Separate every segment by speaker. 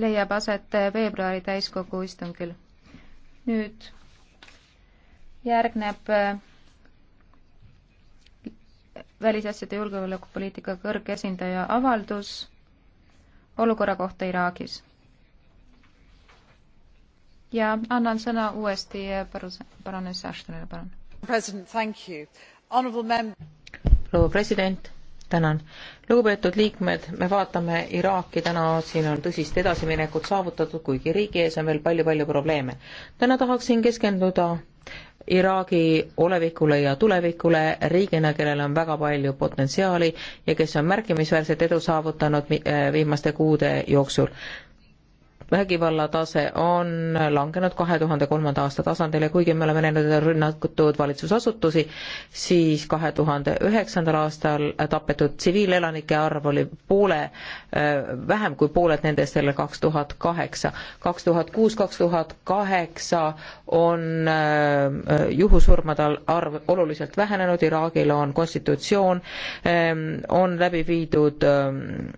Speaker 1: leiab aset veebruari täiskogu istungil. nüüd järgneb äh, välisasjade julgeolekupoliitika kõrgesindaja avaldus olukorra kohta Iraagis. ja annan sõna uuesti baroness äh, Ashtonile, palun.
Speaker 2: proua president tänan. lugupeetud liikmed, me vaatame Iraaki täna, siin on tõsist edasiminekut saavutatud, kuigi riigi ees on veel palju-palju probleeme. täna tahaksin keskenduda Iraagi olevikule ja tulevikule riigina, kellel on väga palju potentsiaali ja kes on märkimisväärset edu saavutanud eh, viimaste kuude jooksul vägivalla tase on langenud kahe tuhande kolmanda aasta tasandile, kuigi me oleme näinud rünnatud valitsusasutusi, siis kahe tuhande üheksandal aastal tapetud tsiviilelanike arv oli poole, äh, vähem kui pooled nendest jälle kaks tuhat kaheksa. kaks tuhat kuus, kaks tuhat kaheksa on äh, juhusurmade arv oluliselt vähenenud, Iraagil on konstitutsioon, ähm, on läbi viidud ähm,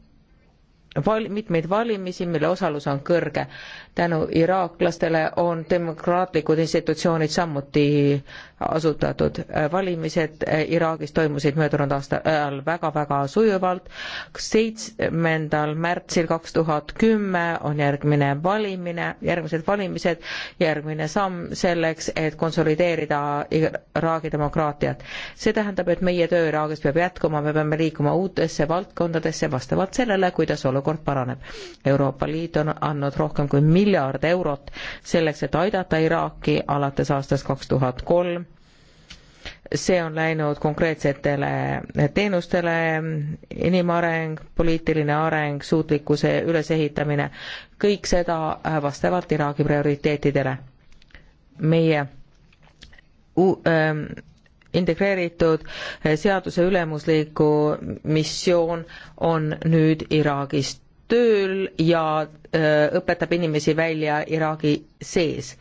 Speaker 2: val-, mitmeid valimisi, mille osalus on kõrge. tänu iraaklastele on demokraatlikud institutsioonid samuti asutatud. valimised Iraagis toimusid möödunud aastal väga-väga sujuvalt. seitsmendal märtsil kaks tuhat kümme on järgmine valimine, järgmised valimised, järgmine samm selleks, et konsolideerida Iraagi demokraatiat. see tähendab, et meie töö Iraagis peab jätkuma, me peame liikuma uutesse valdkondadesse vastavalt sellele, kuidas olukord olukord paraneb. Euroopa Liit on andnud rohkem kui miljard eurot selleks, et aidata Iraaki alates aastast kaks tuhat kolm see on läinud konkreetsetele teenustele, inimareng, poliitiline areng, suutlikkuse ülesehitamine, kõik seda vastavalt Iraagi prioriteetidele. meie u-, ähm, integreeritud eh, seaduse ülemusliku missioon on nüüd Iraagis tööl ja eh, õpetab inimesi välja Iraagi sees.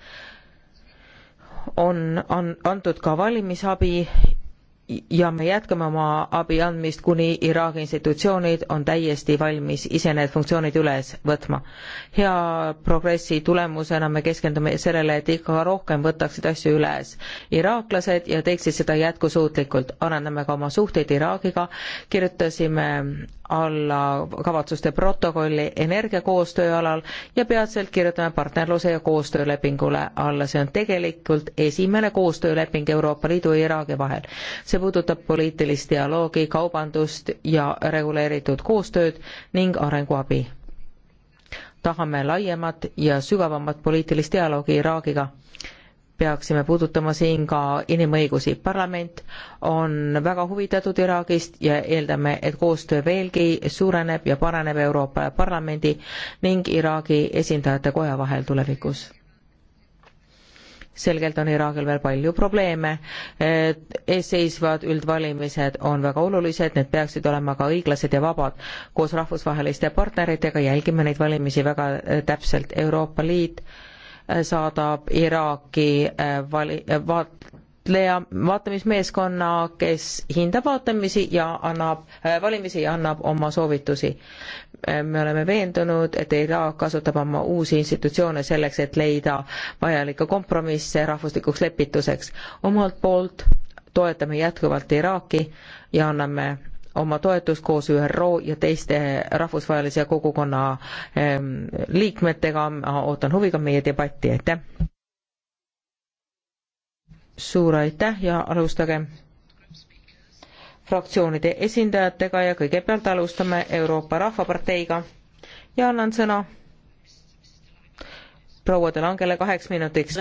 Speaker 2: on, on antud ka valimisabi ja me jätkame oma abi andmist, kuni Iraagi institutsioonid on täiesti valmis ise need funktsioonid üles võtma. hea progressi tulemusena me keskendume sellele, et ikka rohkem võtaksid asju üles iraaklased ja teeksid seda jätkusuutlikult. arendame ka oma suhteid Iraagiga, kirjutasime alla kavatsuste protokolli energiakoostöö alal ja peatselt kirjutame partnerluse ja koostöölepingule alla. see on tegelikult esimene koostööleping Euroopa Liidu ja Iraagi vahel. see puudutab poliitilist dialoogi, kaubandust ja reguleeritud koostööd ning arenguabi tahame laiemat ja sügavamat poliitilist dialoogi Iraagiga peaksime puudutama siin ka inimõigusi. parlament on väga huvitatud Iraagist ja eeldame, et koostöö veelgi suureneb ja paraneb Euroopa Parlamendi ning Iraagi esindajate koja vahel tulevikus selgelt on Iraagil veel palju probleeme, eesseisvad üldvalimised on väga olulised, need peaksid olema ka õiglased ja vabad. koos rahvusvaheliste partneritega jälgime neid valimisi väga täpselt, Euroopa Liit äh, Äh, saadab Iraaki äh, vali-, äh, vaatleja, vaatamismeeskonna, kes hindab vaatamisi ja annab, valimisi ja annab oma soovitusi. me oleme veendunud, et Iraak kasutab oma uusi institutsioone selleks, et leida vajalikke kompromisse rahvuslikuks lepituseks. omalt poolt toetame jätkuvalt Iraaki ja anname oma toetust koos ÜRO ja teiste rahvusvahelise kogukonna ehm, liikmetega. ootan huviga meie debatti, aitäh! suur aitäh ja alustage fraktsioonide esindajatega ja kõigepealt alustame Euroopa Rahvaparteiga ja annan sõna proua De Langele kaheks minutiks.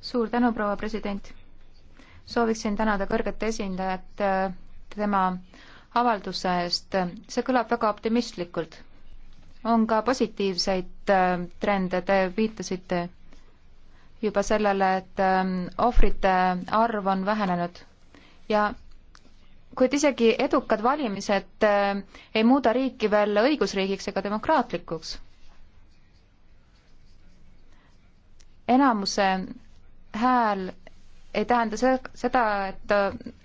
Speaker 1: suur tänu, proua president sooviksin tänada kõrget esindajat äh, tema avalduse eest, see kõlab väga optimistlikult. on ka positiivseid äh, trende, te viitasite juba sellele, et ähm, ohvrite arv on vähenenud ja kuid isegi edukad valimised äh, ei muuda riiki veel õigusriigiks ega demokraatlikuks. enamuse hääl ei tähenda see, seda, et,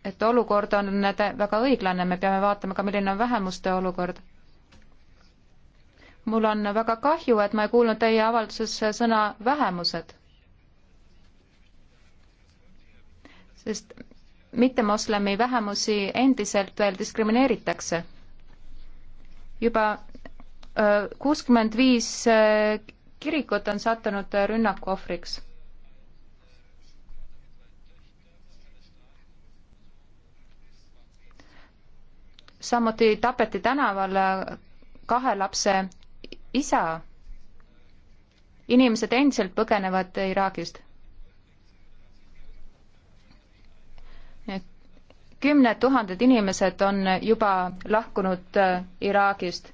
Speaker 1: et olukord on väga õiglane, me peame vaatama ka, milline on vähemuste olukord. mul on väga kahju, et ma ei kuulnud teie avalduses sõna vähemused. sest mittemoslemi vähemusi endiselt veel diskrimineeritakse. juba äh, kuuskümmend viis äh, kirikut on sattunud rünnaku ohvriks samuti tapeti tänaval kahe lapse isa. inimesed endiselt põgenevad Iraagist. kümned tuhanded inimesed on juba lahkunud äh, Iraagist.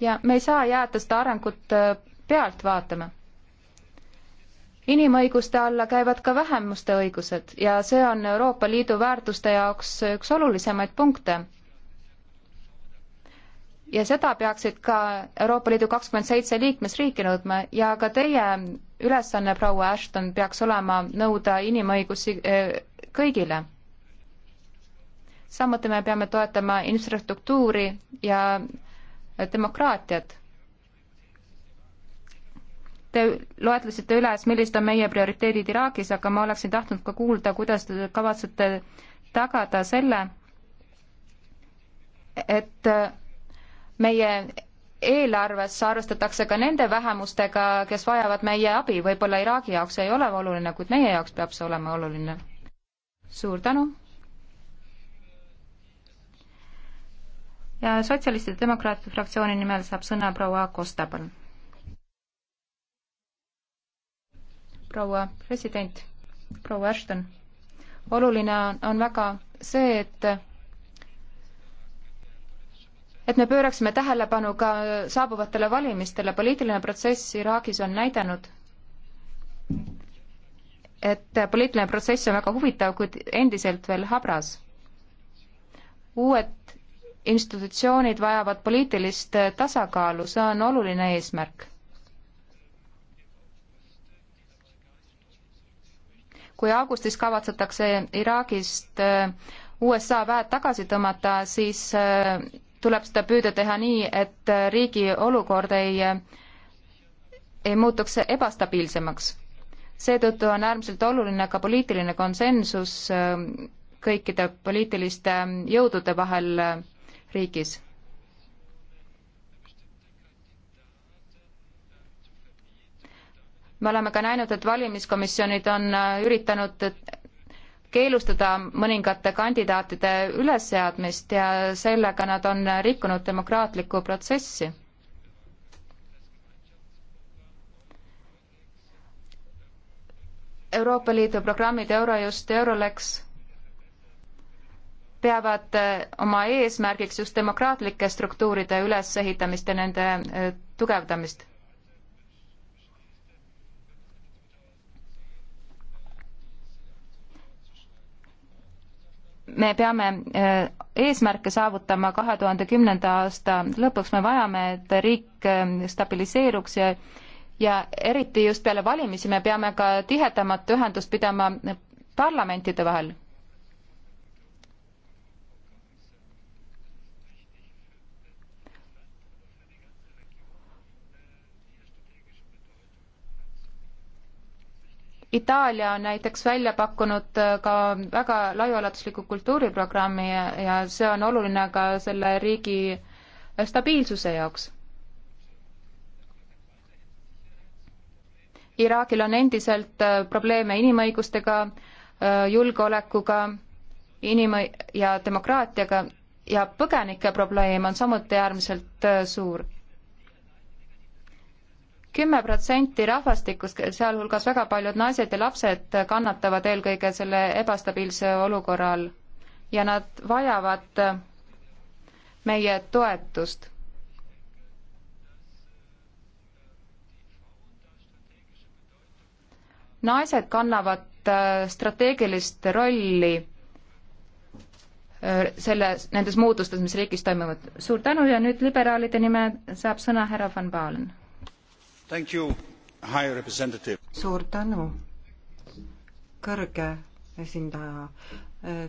Speaker 1: ja me ei saa jääda seda arengut äh, pealt vaatama inimõiguste alla käivad ka vähemuste õigused ja see on Euroopa Liidu väärtuste jaoks üks olulisemaid punkte. ja seda peaksid ka Euroopa Liidu kakskümmend seitse liikmesriiki nõudma ja ka teie ülesanne, proua Ashton, peaks olema nõuda inimõigusi eh, kõigile. samuti me peame toetama infrastruktuuri ja demokraatiat Te loetlesite üles, millised on meie prioriteedid Iraagis, aga ma oleksin tahtnud ka kuulda, kuidas te kavatsete tagada selle, et meie eelarves arvestatakse ka nende vähemustega, kes vajavad meie abi, võib-olla Iraagi jaoks ei ole oluline, kuid meie jaoks peab see olema oluline. suur tänu. ja sotsialistide demokraatide fraktsiooni nimel saab sõna proua Kosta, palun proua president, proua Ashton. oluline on väga see, et et me pööraksime tähelepanu ka saabuvatele valimistele, poliitiline protsess Iraagis on näidanud, et poliitiline protsess on väga huvitav, kuid endiselt veel habras. uued institutsioonid vajavad poliitilist tasakaalu, see on oluline eesmärk kui augustis kavatsetakse Iraagist äh, USA väed tagasi tõmmata, siis äh, tuleb seda püüda teha nii, et äh, riigi olukord ei, ei muutuks ebastabiilsemaks. seetõttu on äärmiselt oluline ka poliitiline konsensus kõikide poliitiliste jõudude vahel riigis me oleme ka näinud, et valimiskomisjonid on äh, üritanud keelustada mõningate kandidaatide ülesseadmist ja sellega nad on rikkunud demokraatlikku protsessi. Euroopa Liidu programmid Eurojust ja Eurolex peavad äh, oma eesmärgiks just demokraatlike struktuuride ülesehitamist ja nende äh, tugevdamist me peame äh, eesmärke saavutama kahe tuhande kümnenda aasta lõpuks, me vajame, et riik äh, stabiliseeruks ja ja eriti just peale valimisi me peame ka tihedamat ühendust pidama äh, parlamentide vahel Itaalia on näiteks välja pakkunud äh, ka väga laiaulatusliku kultuuriprogrammi ja, ja see on oluline ka selle riigi stabiilsuse jaoks. Iraagil on endiselt äh, probleeme inimõigustega, äh, julgeolekuga, inim- ja demokraatiaga ja põgenike probleem on samuti äärmiselt suur kümme protsenti rahvastikust, sealhulgas väga paljud naised ja lapsed, kannatavad eelkõige selle ebastabiilse olukorra all ja nad vajavad meie toetust. naised kannavad äh, strateegilist rolli äh, selle, nendes muutustes, mis riigis toimuvad. suur tänu ja nüüd liberaalide nimel saab sõna härra Van Baalen
Speaker 3: suur tänu, kõrge esindaja.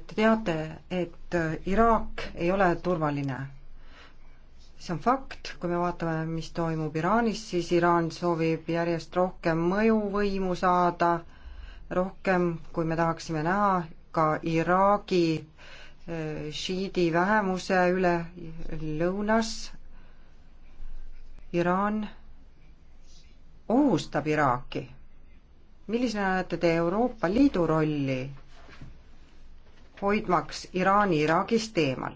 Speaker 3: Te teate, et Iraak ei ole turvaline. see on fakt, kui me vaatame, mis toimub Iraanis, siis Iraan soovib järjest rohkem mõjuvõimu saada, rohkem, kui me tahaksime näha, ka Iraagi eh, šiidi vähemuse üle lõunas. Iraan ohustab Iraaki? millisena näete te Euroopa Liidu rolli hoidmaks Iraani Iraagist eemal?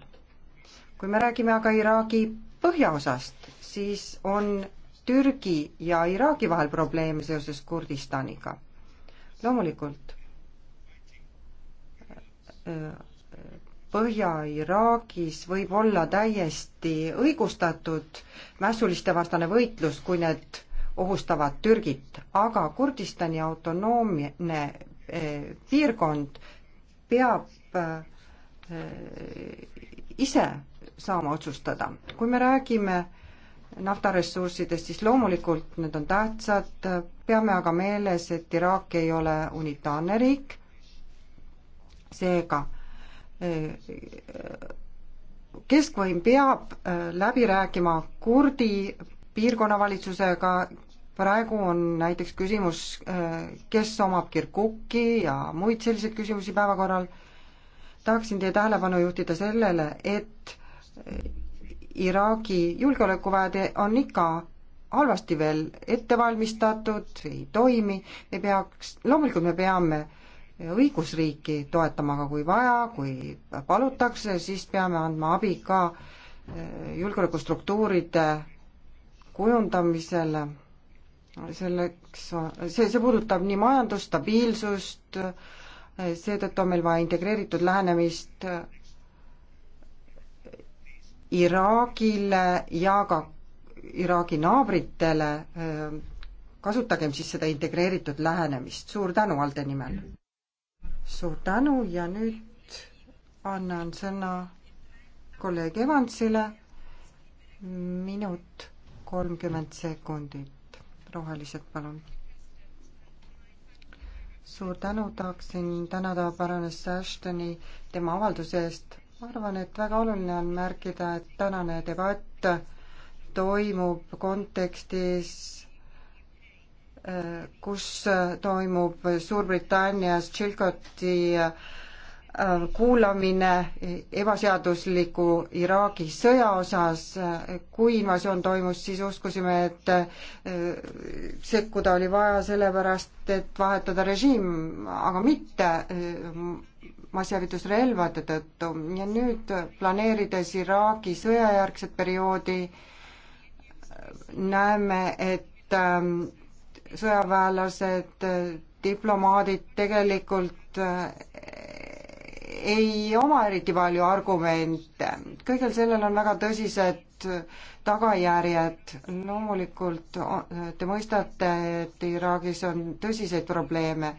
Speaker 3: kui me räägime aga Iraagi põhjaosast, siis on Türgi ja Iraagi vahel probleeme seoses Kurdistaniga. loomulikult äh, Põhja-Iraagis võib olla täiesti õigustatud mässuliste vastane võitlus, kui need ohustavad Türgit, aga Kurdistani autonoomne eh, piirkond peab eh, ise saama otsustada. kui me räägime naftaressurssidest, siis loomulikult need on tähtsad, peame aga meeles, et Iraak ei ole unitaarne riik, seega eh, keskvõim peab läbi rääkima kurdi piirkonnavalitsusega, praegu on näiteks küsimus, kes omab Kirkuki ja muid selliseid küsimusi päevakorral. tahaksin teie tähelepanu juhtida sellele, et Iraagi julgeolekuväed on ikka halvasti veel ette valmistatud, ei toimi, me peaks, loomulikult me peame õigusriiki toetama, aga kui vaja, kui palutakse, siis peame andma abi ka eh, julgeolekustruktuuride kujundamisele selleks, see, see puudutab nii majandust, stabiilsust, seetõttu on meil vaja integreeritud lähenemist Iraagile ja ka Iraagi naabritele, kasutagem siis seda integreeritud lähenemist, suur tänu ALDE nimel! suur tänu ja nüüd annan sõna kolleeg Evansile, minut kolmkümmend sekundit rohelised, palun. suur tänu, tahaksin tänada paranes Ashtoni tema avalduse eest. ma arvan, et väga oluline on märkida, et tänane debatt toimub kontekstis, eh, kus toimub Suurbritannias Chilcoti äh, Äh, kuulamine ebaseadusliku Iraagi sõja osas, kui invasioon toimus, siis uskusime, et äh, sekkuda oli vaja sellepärast, et vahetada režiim, aga mitte äh, massihävitusrelvade tõttu ja nüüd planeerides Iraagi sõjajärgset perioodi näeme, et sõjaväelased, diplomaadid tegelikult ei oma eriti palju argumente. kõigel sellel on väga tõsised tagajärjed. loomulikult te mõistate, et Iraagis on tõsiseid probleeme.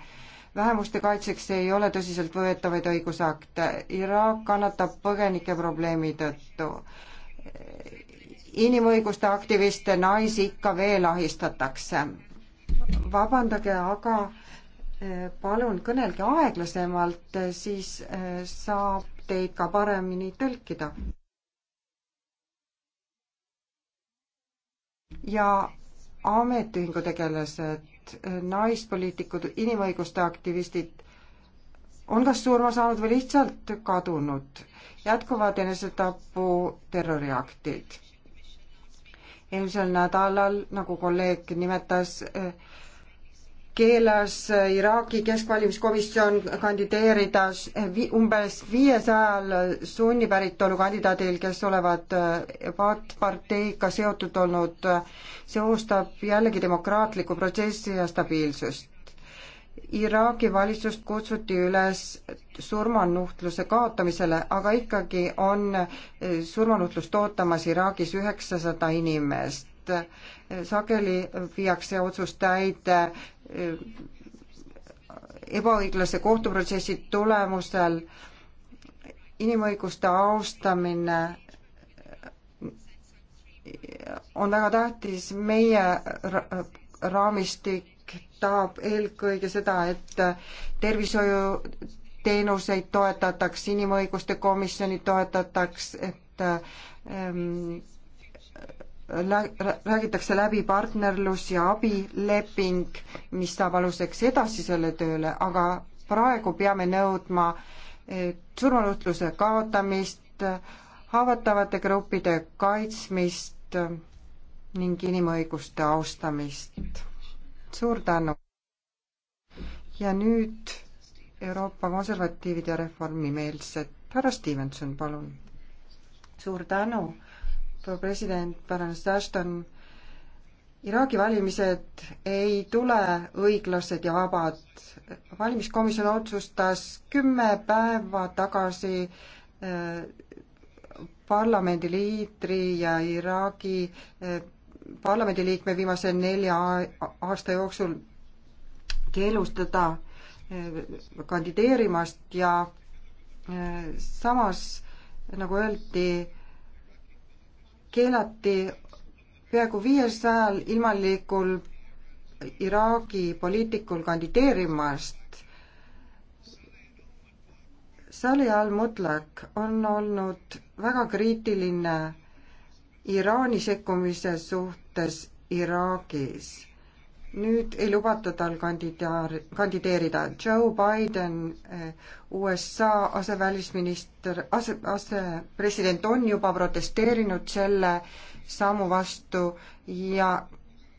Speaker 3: vähemuste kaitseks ei ole tõsiseltvõetavaid õigusakte. Iraak kannatab põgenike probleemi tõttu inimõiguste aktiviste naisi ikka veel ahistatakse. vabandage, aga palun kõnelge aeglasemalt, siis eh, saab teid ka paremini tõlkida. ja ametiühingu tegelased, eh, naispoliitikud, inimõiguste aktivistid on kas surma saanud või lihtsalt kadunud. jätkuvad enesetapu terroriaktid. eelmisel nädalal, nagu kolleeg nimetas, eh, keelas Iraagi keskvalimiskomisjon kandideerida umbes viiesajal sunni päritolu kandidaadil, kes olevat äh, Vaat parteiga seotud olnud. see ohustab jällegi demokraatlikku protsessi ja stabiilsust. Iraagi valitsust kutsuti üles surmanuhtluse kaotamisele, aga ikkagi on äh, surmanuhtlust ootamas Iraagis üheksasada inimest sest eh, sageli viiakse otsus täide eh, ebaõiglase kohtuprotsessi tulemusel. inimõiguste austamine on väga tähtis, meie raamistik tahab eelkõige seda, et tervishoiuteenuseid toetataks, inimõiguste komisjoni toetataks, et ähm, räägitakse läbi partnerlus ja abileping, mis saab aluseks edasisele tööle, aga praegu peame nõudma eh, surmanuhtluse kaotamist, haavatavate gruppide kaitsmist eh, ning inimõiguste austamist. suur tänu! ja nüüd Euroopa konservatiivide reformimeelsed, härra Stevenson, palun! suur tänu! proua president, baroness Ashton, Iraagi valimised ei tule õiglased ja vabad. valimiskomisjon otsustas kümme päeva tagasi äh, parlamendiliidri ja Iraagi äh, parlamendiliikme viimase nelja aasta jooksul keelustada äh, kandideerimast ja samas nagu öeldi, keelati peaaegu viiesajal ilmalikul Iraagi poliitikul kandideerimast. Sali al-Mutlak on olnud väga kriitiline Iraani sekkumise suhtes Iraagis nüüd ei lubata tal kandidaar, kandideerida. Joe Biden, eh, USA asevälisminister, ase, asepresident on juba protesteerinud selle sammu vastu ja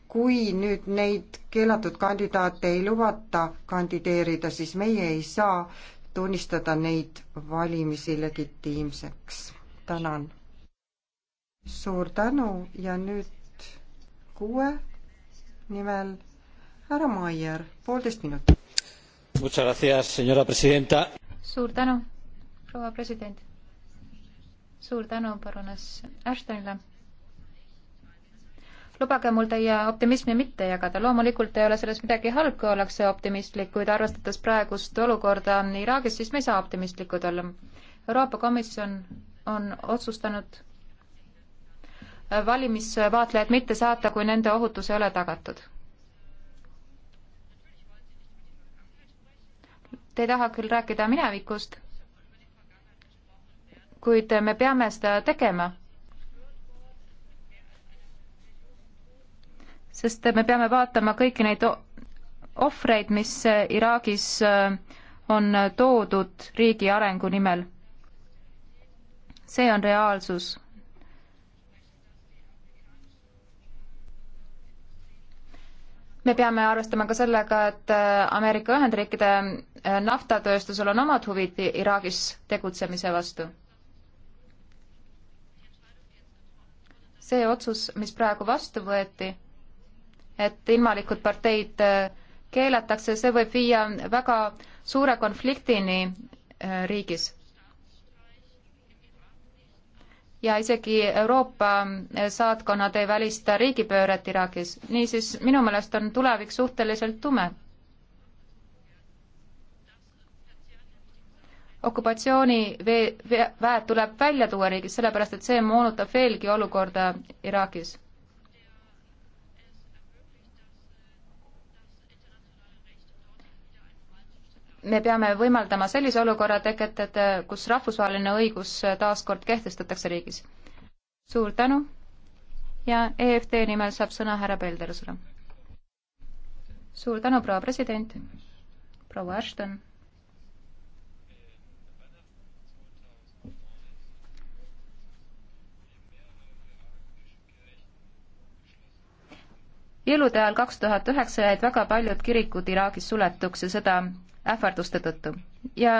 Speaker 3: kui nüüd neid keelatud kandidaate ei lubata kandideerida, siis meie ei saa tunnistada neid valimisi legitiimseks. tänan. suur tänu ja nüüd kuue nimel härra Maier, poolteist minutit.
Speaker 1: suur tänu, proua president. suur tänu baroness Ashtonile lubage mul teie optimismi mitte jagada, loomulikult ei ole selles midagi halb, kui ollakse optimistlik, kuid arvestades praegust olukorda Iraagis, siis me ei saa optimistlikud olla. Euroopa Komisjon on otsustanud valimisvaatlejaid mitte saata, kui nende ohutus ei ole tagatud. Te ei taha küll rääkida minevikust, kuid me peame seda tegema. sest me peame vaatama kõiki neid ohvreid, mis Iraagis äh, on toodud riigi arengu nimel. see on reaalsus me peame arvestama ka sellega, et äh, Ameerika Ühendriikide äh, naftatööstusel on omad huvid Iraagis tegutsemise vastu. see otsus, mis praegu vastu võeti, et ilmalikud parteid äh, keelatakse, see võib viia väga suure konfliktini riigis ja isegi Euroopa saatkonnad ei välista riigipööret Iraagis. niisiis, minu meelest on tulevik suhteliselt tume. okupatsiooniväed tuleb välja tuua riigis, sellepärast et see moonutab veelgi olukorda Iraagis me peame võimaldama sellise olukorra teket, et kus rahvusvaheline õigus taaskord kehtestatakse riigis. suur tänu ja EFT nimel saab sõna härra Peldersule. suur tänu, proua president, proua Ashton. jõulude ajal kaks tuhat üheksa jäid väga paljud kirikud Iraagis suletuks ja seda ähvarduste tõttu ja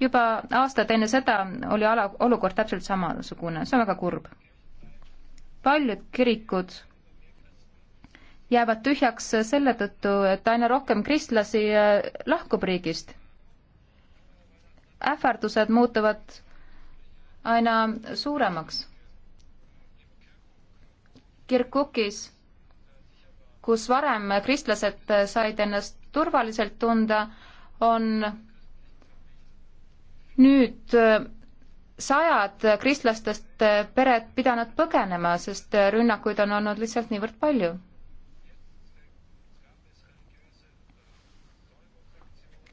Speaker 1: juba aastad enne seda oli ala, olukord täpselt samasugune, see on väga kurb. paljud kirikud jäävad tühjaks selle tõttu, et aina rohkem kristlasi äh, lahkub riigist. ähvardused muutuvad aina suuremaks. Kirkukis, kus varem kristlased said ennast turvaliselt tunda, on nüüd äh, sajad kristlastest äh, pered pidanud põgenema, sest äh, rünnakuid on olnud lihtsalt niivõrd palju.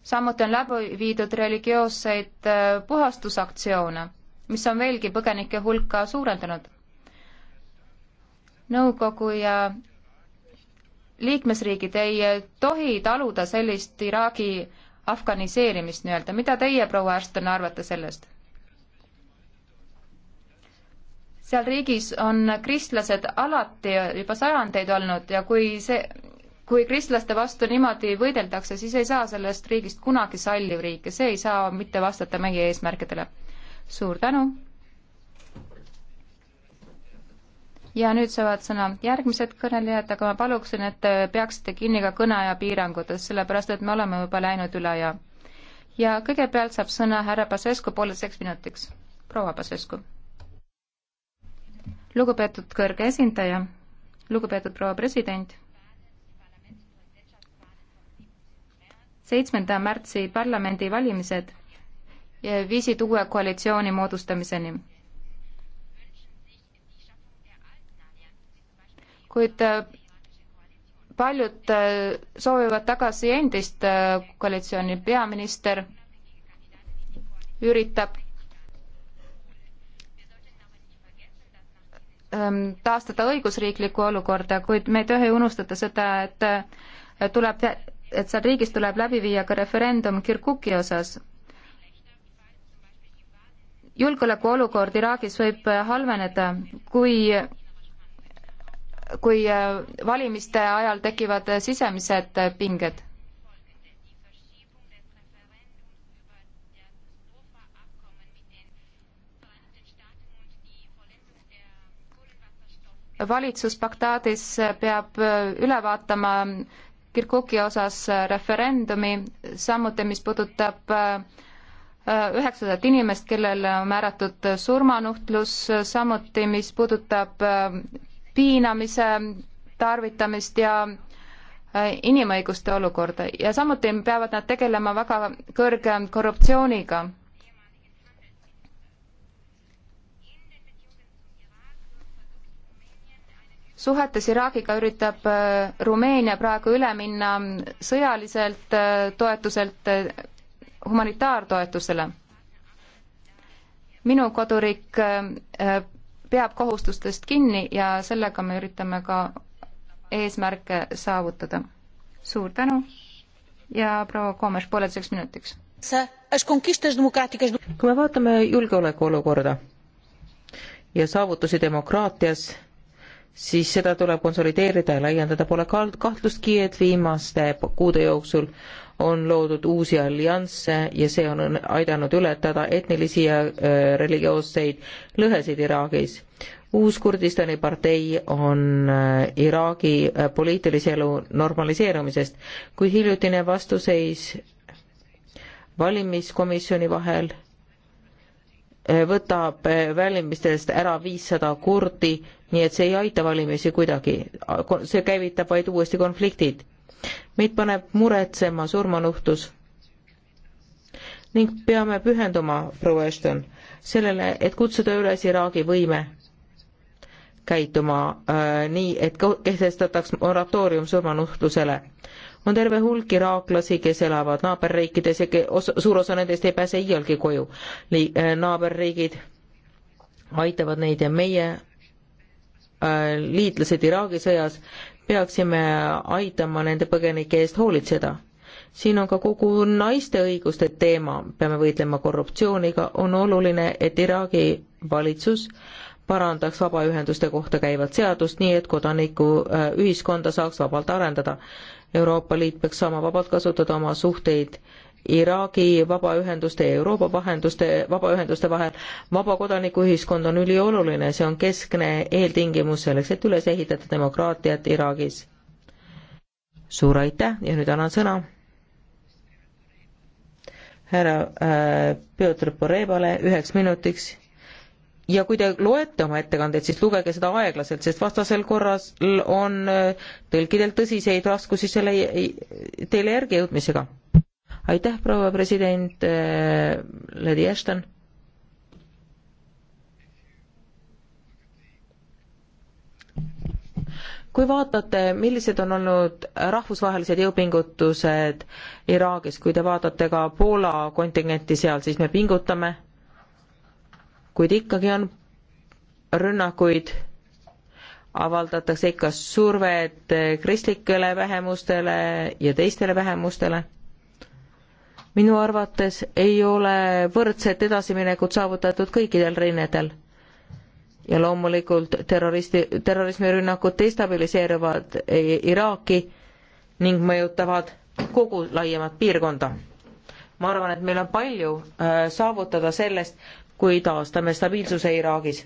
Speaker 1: samuti on läbi viidud religioosseid puhastusaktsioone, mis on veelgi põgenike hulka suurendanud. nõukogu ja liikmesriigid ei tohi taluda sellist Iraagi afganiseerimist nii-öelda, mida teie, proua Ashton, arvate sellest? seal riigis on kristlased alati juba sajandeid olnud ja kui see, kui kristlaste vastu niimoodi võideldakse, siis ei saa sellest riigist kunagi salliv riik ja see ei saa mitte vastata meie eesmärkidele. suur tänu! ja nüüd saavad sõna järgmised kõnelejad, aga ma paluksin, et peaksite kinni ka kõneaja piirangutest, sellepärast et me oleme juba läinud üle ja ja kõigepealt saab sõna härra Pasescu pooleteiseks minutiks. proua Pasescu. lugupeetud kõrge esindaja, lugupeetud proua president, seitsmenda märtsi parlamendivalimised viisid uue koalitsiooni moodustamiseni kuid äh, paljud äh, soovivad tagasi endist äh, koalitsiooni, peaminister üritab ähm, taastada õigusriiklikku olukorda, kuid me ei tohi unustada seda, et tuleb, et seal riigis tuleb läbi viia ka referendum Kirkuki osas. julgeolekuolukord Iraagis võib halveneda, kui kui äh, valimiste ajal tekivad äh, sisemised äh, pinged. valitsus Bagdadis peab üle vaatama Kirkuki osas referendumi, samuti mis puudutab üheksasadat inimest, kellele on määratud surmanuhtlus, samuti mis puudutab piinamise tarvitamist ja äh, inimõiguste olukorda ja samuti peavad nad tegelema väga kõrge korruptsiooniga. suhetes Iraagiga üritab äh, Rumeenia praegu üle minna sõjaliselt äh, toetuselt humanitaartoetusele. minu koduriik peab kohustustest kinni ja sellega me üritame ka eesmärke saavutada. suur tänu ja proua Koomes pooleteiseks minutiks.
Speaker 2: kui me vaatame julgeolekuolukorda ja saavutusi demokraatias, siis seda tuleb konsolideerida ja laiendada, pole kahtlustki, et viimaste kuude jooksul on loodud uusi alliansse ja see on aidanud ületada etnilisi ja religioosseid lõhesid Iraagis. uus Kurdistani partei on Iraagi poliitilise elu normaliseerumisest, kui hiljutine vastuseis valimiskomisjoni vahel võtab valimistest ära viissada kurdi, nii et see ei aita valimisi kuidagi, see käivitab vaid uuesti konfliktid meid paneb muretsema surmanuhtlus ning peame pühenduma, proua Ashton, sellele, et kutsuda üles Iraagi võime käituma äh, nii, et kehtestataks moratoorium surmanuhtlusele. on terve hulk iraaklasi, kes elavad naaberriikides ja os suur osa nendest ei pääse iialgi koju. Äh, naaberriigid aitavad neid ja meie äh, liitlased Iraagi sõjas peaksime aitama nende põgenike eest hoolitseda. siin on ka kogu naiste õiguste teema, peame võitlema korruptsiooniga, on oluline, et Iraagi valitsus parandaks vabaühenduste kohta käivat seadust, nii et kodanikuühiskonda äh, saaks vabalt arendada. Euroopa Liit peaks saama vabalt kasutada oma suhteid Iraagi vabaühenduste ja Euroopa vahenduste, vabaühenduste vahel. vaba kodanikuühiskond on ülioluline, see on keskne eeltingimus selleks, et üles ehitada demokraatiat Iraagis. suur aitäh ja nüüd annan sõna härra äh, Piotr Porebale üheks minutiks ja kui te loete oma ettekandeid, siis lugege seda aeglaselt, sest vastasel korras on äh, tõlkidel tõsiseid raskusi selle, teile järgi jõudmisega aitäh, proua president äh,, Lady Ashton. kui vaatate, millised on olnud rahvusvahelised jõupingutused Iraagis, kui te vaatate ka Poola kontingenti seal, siis me pingutame, kuid ikkagi on rünnakuid avaldatakse ikka survet kristlikele vähemustele ja teistele vähemustele minu arvates ei ole võrdset edasiminekut saavutatud kõikidel rinnedel. ja loomulikult terroristi, terrorismirünnakud destabiliseeruvad Iraaki ning mõjutavad kogu laiemat piirkonda. ma arvan, et meil on palju äh, saavutada sellest, kui taastame stabiilsuse Iraagis.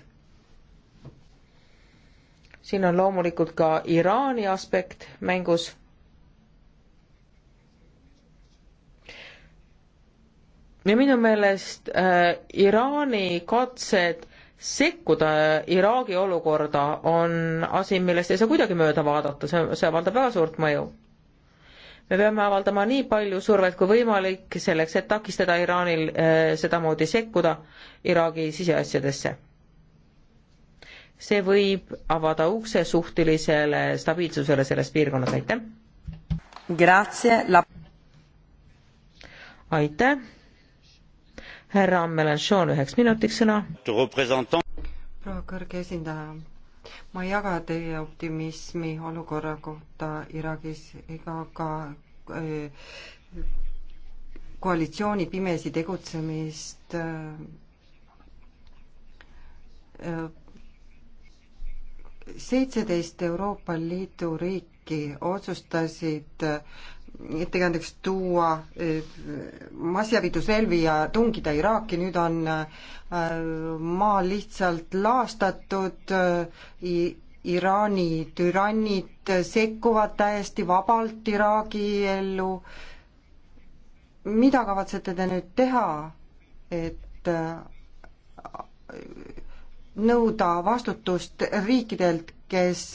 Speaker 2: siin on loomulikult ka Iraani aspekt mängus ja minu meelest äh, Iraani katsed sekkuda äh, Iraagi olukorda on asi, millest ei saa kuidagi mööda vaadata, see, see avaldab väga suurt mõju. me peame avaldama nii palju survet kui võimalik selleks, et takistada Iraanil äh, sedamoodi sekkuda Iraagi siseasjadesse. see võib avada ukse suhtelisele stabiilsusele selles piirkonnas, aitäh! aitäh! härra Melanchon üheks minutiks sõna.
Speaker 1: proua
Speaker 3: kõrge esindaja, ma ei jaga teie optimismi olukorra kohta Iraagis ega ka eh, koalitsiooni pimesi tegutsemist eh, eh, seitseteist Euroopa Liidu riiki otsustasid ettekäändeks tuua e, massihävitusrelvi ja tungida Iraaki, nüüd on e, maa lihtsalt laastatud, e, Iraani türannid sekkuvad täiesti vabalt Iraagi ellu. mida kavatsete te nüüd teha, et nõuda vastutust riikidelt, kes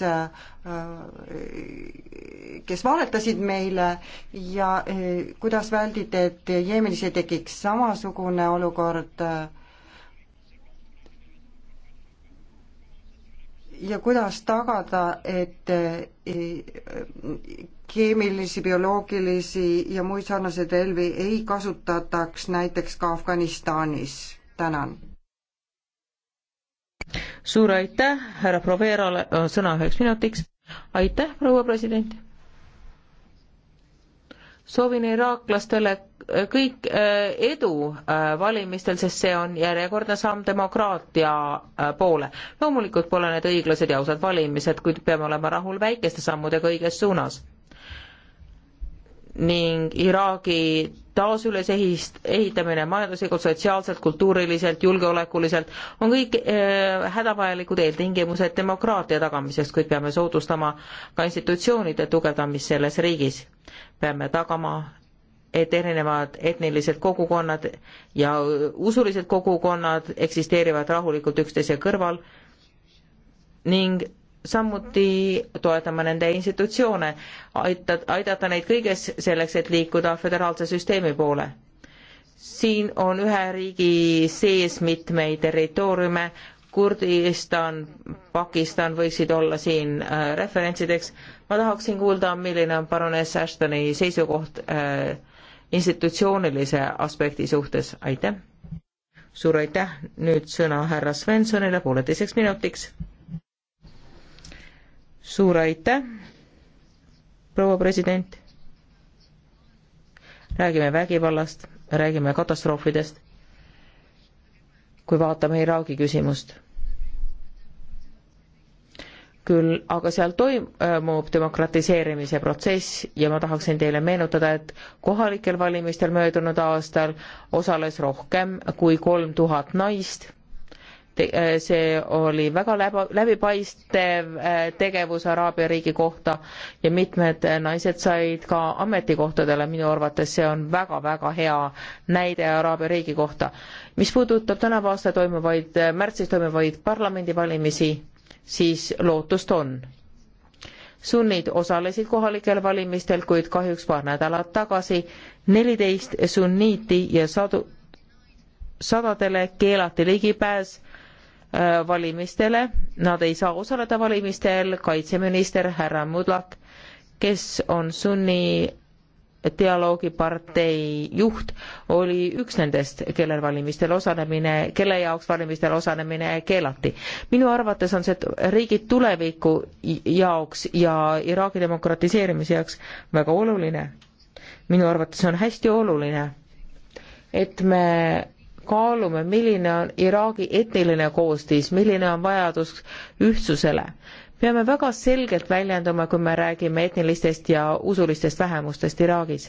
Speaker 3: kes valetasid meile ja e, kuidas väldite, et Jeemenis ei tekiks samasugune olukord ja kuidas tagada, et e, keemilisi, bioloogilisi ja muid sarnaseid relvi ei kasutataks näiteks ka Afganistanis? tänan. suur aitäh,
Speaker 2: härra Proverale, sõna üheks minutiks. aitäh, proua president soovin iraaklastele kõik eh, edu eh, valimistel, sest see on järjekordne samm demokraatia eh, poole. loomulikult pole need õiglased ja ausad valimised, kuid peame olema rahul väikeste sammudega õiges suunas. ning Iraagi taasülesehist-, ehitamine majanduslikult, sotsiaalselt, kultuuriliselt, julgeolekuliselt on kõik äh, hädavajalikud eeltingimused demokraatia tagamiseks, kuid peame soodustama ka institutsioonide tugevdamist selles riigis. peame tagama, et erinevad etnilised kogukonnad ja usulised kogukonnad eksisteerivad rahulikult üksteise kõrval ning samuti toetama nende institutsioone, aita, aidata neid kõiges selleks, et liikuda föderaalse süsteemi poole. siin on ühe riigi sees mitmeid territooriume, Kurdistan, Pakistan võiksid olla siin äh, referentsideks. ma tahaksin kuulda, milline on baroness Ashtoni seisukoht äh, institutsioonilise aspekti suhtes, aitäh! suur aitäh, nüüd sõna härra Svenssonile pooleteiseks minutiks suur aitäh, proua president. räägime vägivallast, räägime katastroofidest. kui vaatame Iraagi küsimust. küll, aga seal toimub demokratiseerimise protsess ja ma tahaksin teile meenutada, et kohalikel valimistel möödunud aastal osales rohkem kui kolm tuhat naist Äh, see oli väga läbipaistev äh, tegevus Araabia riigi kohta ja mitmed naised said ka ametikohtadele, minu arvates see on väga-väga hea näide Araabia riigi kohta. mis puudutab tänavu aasta toimuvaid, äh, märtsis toimuvaid parlamendivalimisi, siis lootust on sunnid osalesid kohalikel valimistel, kuid kahjuks paar nädalat tagasi neliteist sunniiti ja sadu, sadadele keelati ligipääs Äh, valimistele, nad ei saa osaleda valimistel, kaitseminister härra Mudlak, kes on sunni dialoogipartei juht oli üks nendest, kellel valimistel osalemine, kelle jaoks valimistel osalemine keelati. minu arvates on see riigid tuleviku jaoks ja Iraagi demokratiseerimise jaoks väga oluline. minu arvates on hästi oluline, et me kaalume, milline on Iraagi etniline koostis, milline on vajadus ühtsusele. peame väga selgelt väljenduma, kui me räägime etnilistest ja usulistest vähemustest Iraagis.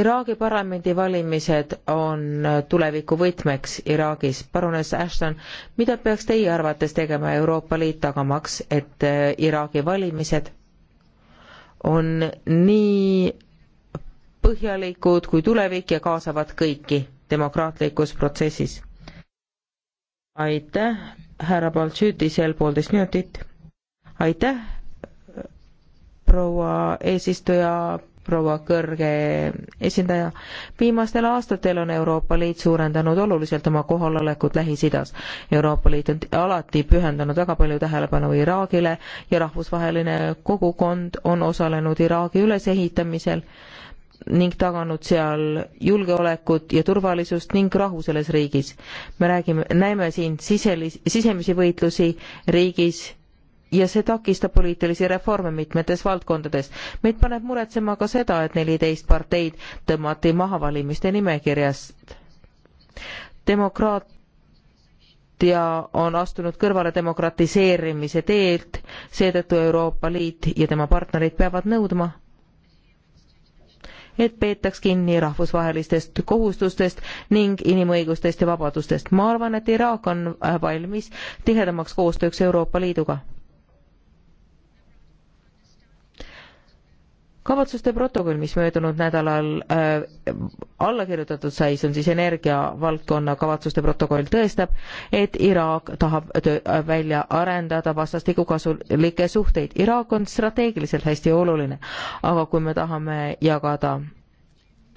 Speaker 2: Iraagi parlamendivalimised on tuleviku võtmeks Iraagis. parunes Ashton, mida peaks teie arvates tegema Euroopa Liit tagamaks, et eh, Iraagi valimised on nii põhjalikud kui tulevik ja kaasavad kõiki demokraatlikus protsessis. aitäh, härra Baltšütisel poolteist minutit. aitäh, proua eesistuja, proua kõrge esindaja. viimastel aastatel on Euroopa Liit suurendanud oluliselt oma kohalolekut Lähis-Idas. Euroopa Liit on alati pühendanud väga palju tähelepanu Iraagile ja rahvusvaheline kogukond on osalenud Iraagi ülesehitamisel ning taganud seal julgeolekut ja turvalisust ning rahu selles riigis. me räägime, näeme siin siselis-, sisemisi võitlusi riigis ja see takistab poliitilisi reforme mitmetes valdkondades. meid paneb muretsema ka seda, et neliteist parteid tõmmati maha valimiste nimekirjast. demokraatia on astunud kõrvale demokratiseerimise teelt, seetõttu Euroopa Liit ja tema partnerid peavad nõudma, et peetaks kinni rahvusvahelistest kohustustest ning inimõigustest ja vabadustest. ma arvan, et Iraak on äh, valmis tihedamaks koostööks Euroopa Liiduga kavatsuste protokoll, mis möödunud nädalal äh, alla kirjutatud sai, see on siis energiavaldkonna kavatsuste protokoll, tõestab, et Iraak tahab äh, välja arendada vastastikku kasulikke suhteid. Iraak on strateegiliselt hästi oluline, aga kui me tahame jagada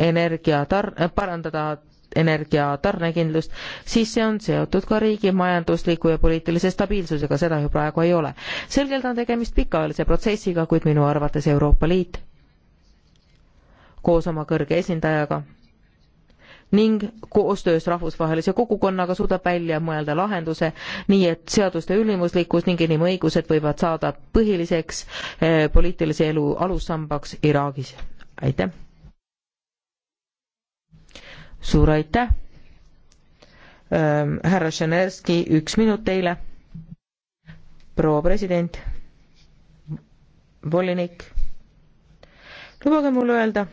Speaker 2: energia tar-, äh, parandada energiatarnekindlust, siis see on seotud ka riigi majandusliku ja poliitilise stabiilsusega, seda ju praegu ei ole. selgelt on tegemist pikaajalise protsessiga, kuid minu arvates Euroopa Liit koos oma kõrge esindajaga ning koostöös rahvusvahelise kogukonnaga suudab välja mõelda lahenduse, nii et seaduste ülimuslikkus ning inimõigused võivad saada põhiliseks eh, poliitilise elu alussambaks Iraagis. aitäh! suur aitäh ähm,! härra Ženevski, üks minut teile. proua president, volinik, lubage mul öelda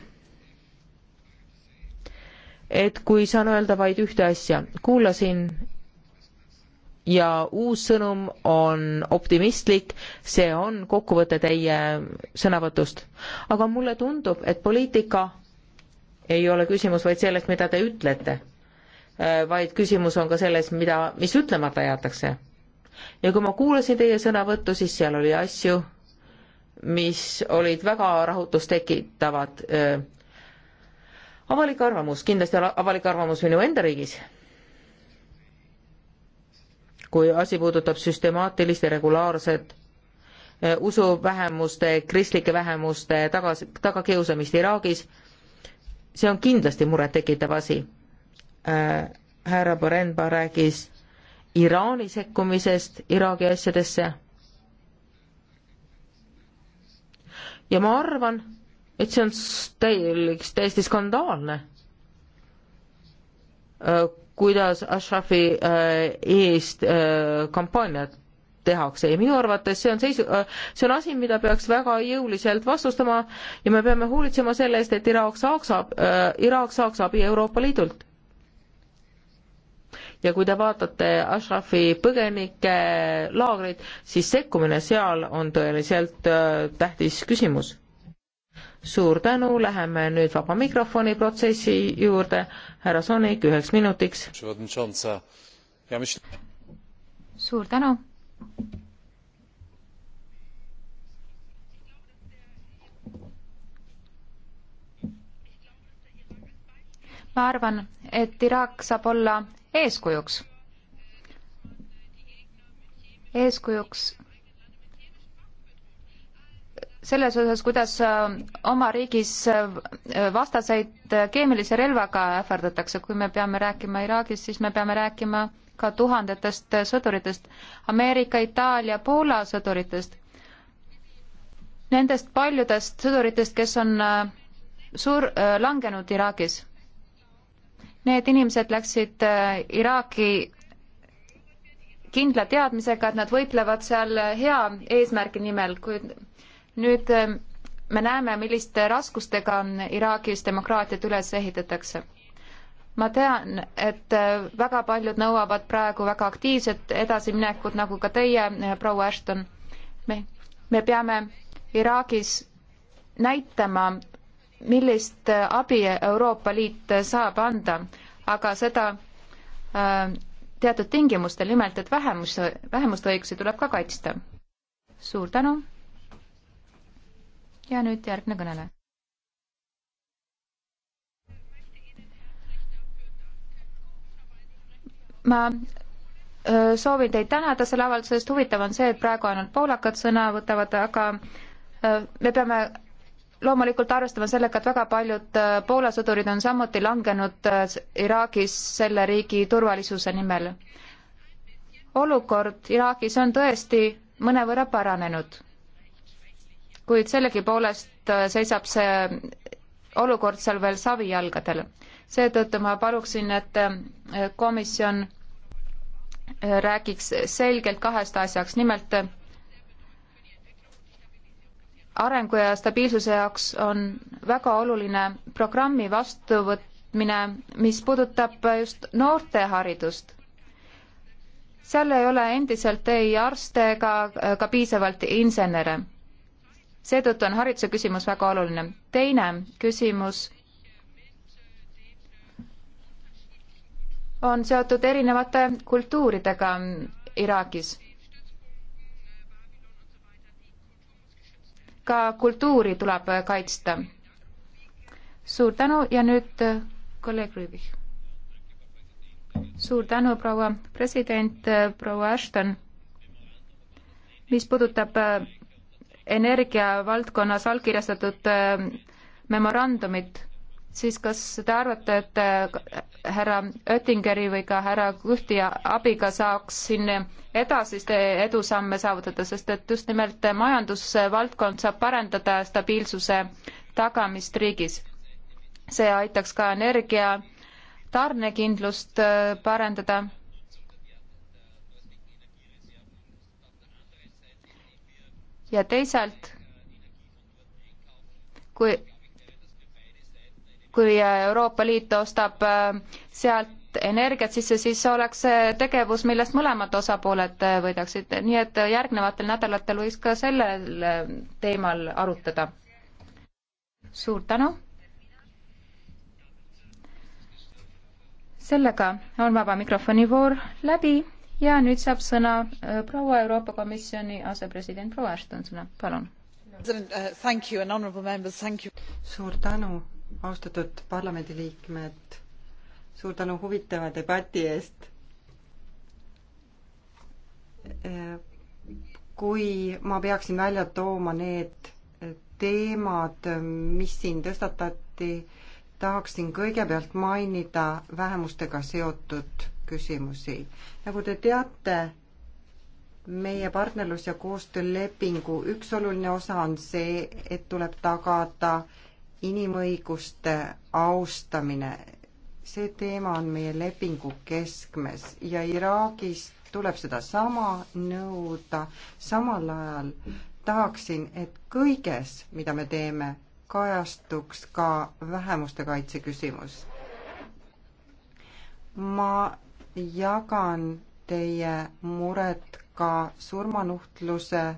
Speaker 2: et kui saan öelda vaid ühte asja, kuulasin ja uus sõnum on optimistlik, see on kokkuvõte teie sõnavõtust. aga mulle tundub, et poliitika ei ole küsimus vaid sellest, mida te ütlete, äh, vaid küsimus on ka selles, mida, mis ütlemata jäetakse. ja kui ma kuulasin teie sõnavõttu, siis seal oli asju, mis olid väga rahutust tekitavad äh, avalik arvamus, kindlasti avalik arvamus minu enda riigis, kui asi puudutab süstemaatilist ja regulaarset eh, usuvähemuste, kristlike vähemuste tagasi, tagakiusamist Iraagis, see on kindlasti murettekitav asi äh,. härra Barenba rääkis Iraani sekkumisest Iraagi asjadesse. ja ma arvan, et see on täielik, täiesti skandaalne, äh, kuidas Ashrafi eest äh, äh, kampaaniat tehakse ja minu arvates see on seisu, see on asi, mida peaks väga jõuliselt vastustama ja me peame hoolitsema selle eest, et Iraak saaks, Iraak saaks abi Euroopa Liidult. ja kui te vaatate Ashrafi põgenike laagreid, siis sekkumine seal on tõeliselt tähtis küsimus suur tänu, läheme nüüd vaba mikrofoni protsessi juurde. härra Sonik, üheks minutiks.
Speaker 1: suur tänu. ma arvan, et Iraak saab olla eeskujuks, eeskujuks selles osas, kuidas äh, oma riigis äh, vastaseid äh, keemilise relvaga ähvardatakse, kui me peame rääkima Iraagist, siis me peame rääkima ka tuhandetest sõduritest, Ameerika, Itaalia, Poola sõduritest. Nendest paljudest sõduritest, kes on suur, langenud Iraagis. Need inimesed läksid Iraaki kindla teadmisega, et nad võitlevad seal hea eesmärgi nimel, kuid nüüd eh, me näeme, milliste raskustega Iraagis demokraatiat üles ehitatakse. ma tean, et eh, väga paljud nõuavad praegu väga aktiivset edasiminekut, nagu ka teie, eh, proua Ashton. me, me peame Iraagis näitama, millist abi Euroopa Liit saab anda, aga seda äh, teatud tingimustel, nimelt et vähemus, vähemuste õigusi tuleb ka kaitsta. suur tänu! ja nüüd järgmine kõneleja. ma äh, soovin teid tänada selle avalduse eest, huvitav on see, et praegu ainult poolakad sõna võtavad, aga äh, me peame loomulikult arvestama sellega, et väga paljud äh, Poola sõdurid on samuti langenud Iraagis selle riigi turvalisuse nimel. olukord Iraagis on tõesti mõnevõrra paranenud kuid sellegipoolest äh, seisab see olukord seal veel savijalgadel. seetõttu ma paluksin, et äh, komisjon äh, räägiks selgelt kahest asjaks, nimelt arengu ja stabiilsuse jaoks on väga oluline programmi vastuvõtmine, mis puudutab just noorte haridust. seal ei ole endiselt ei arste ega ka piisavalt insenere seetõttu on hariduse küsimus väga oluline. teine küsimus on seotud erinevate kultuuridega Iraagis. ka kultuuri tuleb kaitsta. suur tänu ja nüüd äh, kolleeg Rüübich. suur tänu, proua president, äh, proua Ashton. mis puudutab äh, energiavaldkonnas allkirjastatud äh, memorandumit, siis kas te arvate, et äh, härra Oettingeri või ka härra Kuhti abiga saaks siin edasiste edusamme saavutada, sest et just nimelt majandusvaldkond saab parendada stabiilsuse tagamist riigis. see aitaks ka energia tarnekindlust äh, parendada ja teisalt, kui, kui Euroopa Liit ostab äh, sealt energiat sisse, siis oleks see tegevus, millest mõlemad osapooled äh, võidaksid, nii et järgnevatel nädalatel võiks ka sellel äh, teemal arutada. suur tänu! sellega on vaba mikrofoni voor läbi ja nüüd saab sõna äh, proua Euroopa Komisjoni asepresident proua Ashton sõna, palun.
Speaker 3: Uh, suur tänu, austatud parlamendiliikmed, suur tänu huvitava debati eest. Äh, kui ma peaksin välja tooma need teemad, mis siin tõstatati, tahaksin kõigepealt mainida vähemustega seotud küsimusi. nagu te teate, meie partnerlus- ja koostöölepingu üks oluline osa on see, et tuleb tagada inimõiguste austamine. see teema on meie lepingu keskmes ja Iraagis tuleb sedasama nõuda. samal ajal tahaksin, et kõiges, mida me teeme, kajastuks ka vähemuste kaitse küsimus. ma jagan teie muret ka surmanuhtluse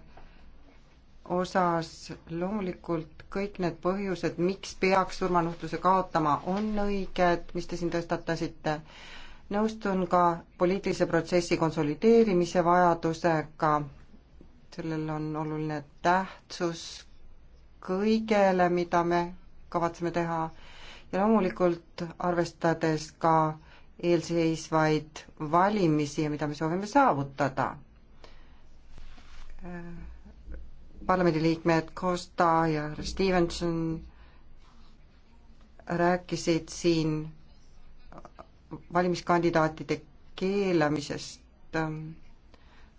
Speaker 3: osas. loomulikult kõik need põhjused, miks peaks surmanuhtluse kaotama, on õiged, mis te siin tõstatasite. nõustun ka poliitilise protsessi konsolideerimise vajadusega. sellel on oluline tähtsus kõigele, mida me kavatseme teha ja loomulikult arvestades ka äh, eelseisvaid valimisi ja mida me soovime saavutada. parlamendiliikmed Costa ja Stevenson rääkisid siin valimiskandidaatide keelamisest.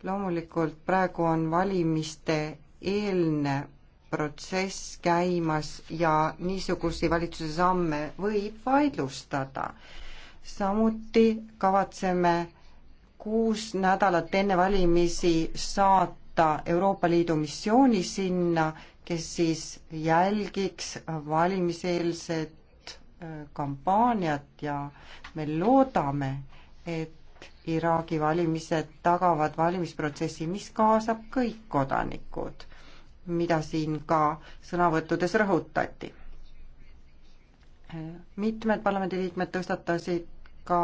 Speaker 3: loomulikult praegu on valimiste eelne protsess käimas ja niisuguseid valitsuse samme võib vaidlustada samuti kavatseme kuus nädalat enne valimisi saata Euroopa Liidu missiooni sinna, kes siis jälgiks valimiseelset äh, kampaaniat ja me loodame, et Iraagi valimised tagavad valimisprotsessi, mis kaasab kõik kodanikud, mida siin ka sõnavõttudes rõhutati mitmed parlamendiliikmed tõstatasid ka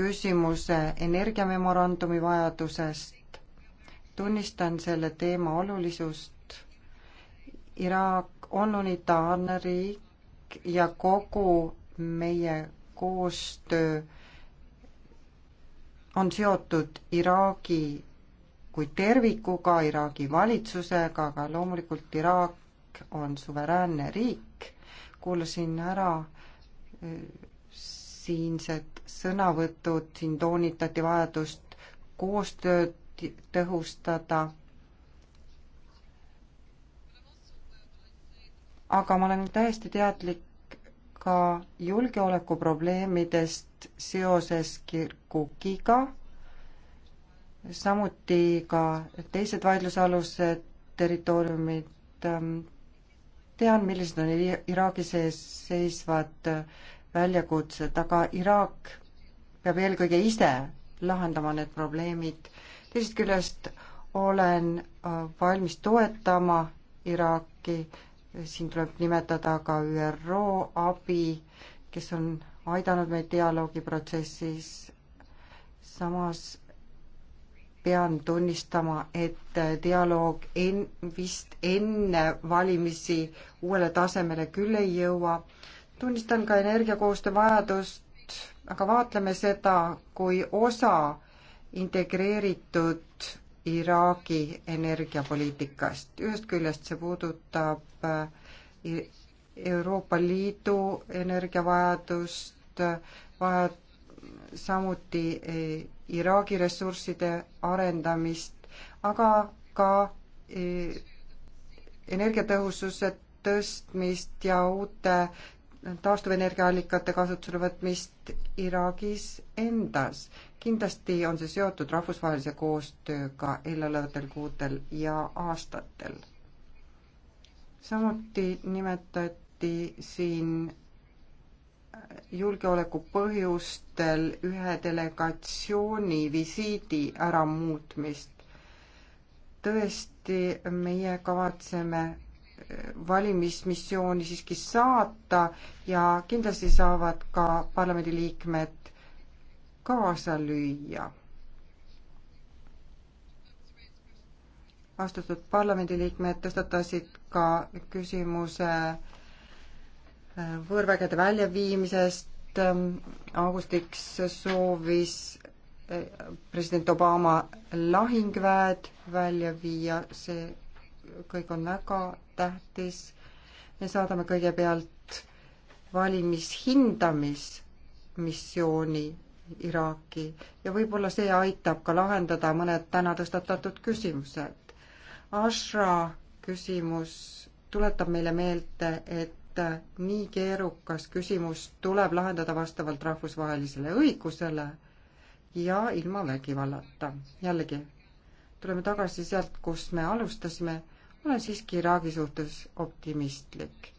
Speaker 3: küsimuse energiamemorandumi vajadusest. tunnistan selle teema olulisust. Iraak on unitaarne riik ja kogu meie koostöö on seotud Iraagi kui tervikuga, Iraagi valitsusega, aga loomulikult Iraak on suveräänne riik kuulasin ära e, siinsed sõnavõtud, siin toonitati vajadust koostööd tõhustada. aga ma olen täiesti teadlik ka julgeolekuprobleemidest seoses Kirkukiga, samuti ka teised vaidlusalused territooriumid, ähm, tean, millised on Iraagi sees seisvad äh, väljakutsed, aga Iraak peab eelkõige ise lahendama need probleemid. teisest küljest olen äh, valmis toetama Iraaki, siin tuleb nimetada ka ÜRO abi, kes on aidanud meid dialoogiprotsessis, samas pean tunnistama, et dialoog en-, vist enne valimisi uuele tasemele küll ei jõua. tunnistan ka energiakoostöö vajadust, aga vaatleme seda kui osa integreeritud Iraagi energiapoliitikast. ühest küljest see puudutab äh, Euroopa Liidu energiavajadust, vaja samuti äh, Iraagi ressursside arendamist, aga ka e, energiatõhususe tõstmist ja uute taastuvenergiaallikate kasutusele võtmist Iraagis endas. kindlasti on see seotud rahvusvahelise koostööga eelolevatel kuudel ja aastatel. samuti nimetati siin julgeoleku põhjustel ühe delegatsiooni visiidi äramuutmist. tõesti, meie kavatseme eh, valimismissiooni siiski saata ja kindlasti saavad ka parlamendiliikmed kaasa lüüa austatud parlamendiliikmed tõstatasid ka küsimuse võõrvägede väljaviimisest ähm, augustiks soovis äh, president Obama lahingväed välja viia, see kõik on väga tähtis. me saadame kõigepealt valimishindamismissiooni Iraaki ja võib-olla see aitab ka lahendada mõned täna tõstatatud küsimused. Ashra küsimus tuletab meile meelde, et et nii keerukas küsimus tuleb lahendada vastavalt rahvusvahelisele õigusele ja ilma vägivallata. jällegi, tuleme tagasi sealt, kus me alustasime, olen siiski Iraagi suhtes optimistlik.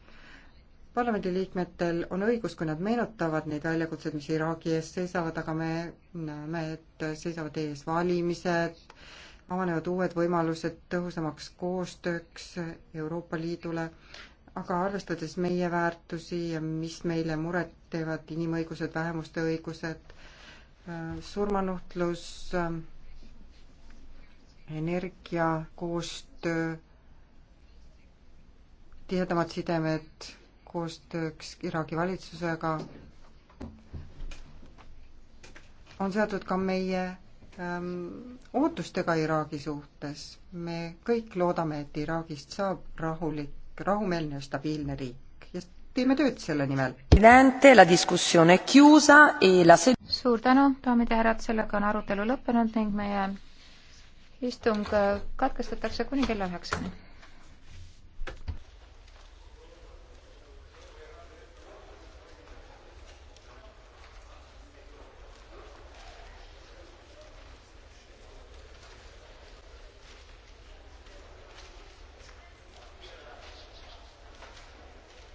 Speaker 3: parlamendiliikmetel on õigus, kui nad meenutavad neid väljakutseid, mis Iraagi ees seisavad, aga me näeme, et seisavad ees valimised, avanevad uued võimalused tõhusamaks koostööks Euroopa Liidule aga arvestades meie väärtusi ja mis meile muret teevad, inimõigused, vähemuste õigused, äh, surmanuhtlus, äh, energia, koostöö, tihedamad sidemed koostööks Iraagi valitsusega, on seotud ka meie ähm, ootustega Iraagi suhtes. me kõik loodame, et Iraagist saab rahulik rahumeelne ja stabiilne riik ja teeme tööd selle nimel. E
Speaker 1: suur tänu, daamid ja härrad, sellega on arutelu lõppenud ning meie istung katkestatakse kuni kella üheksani.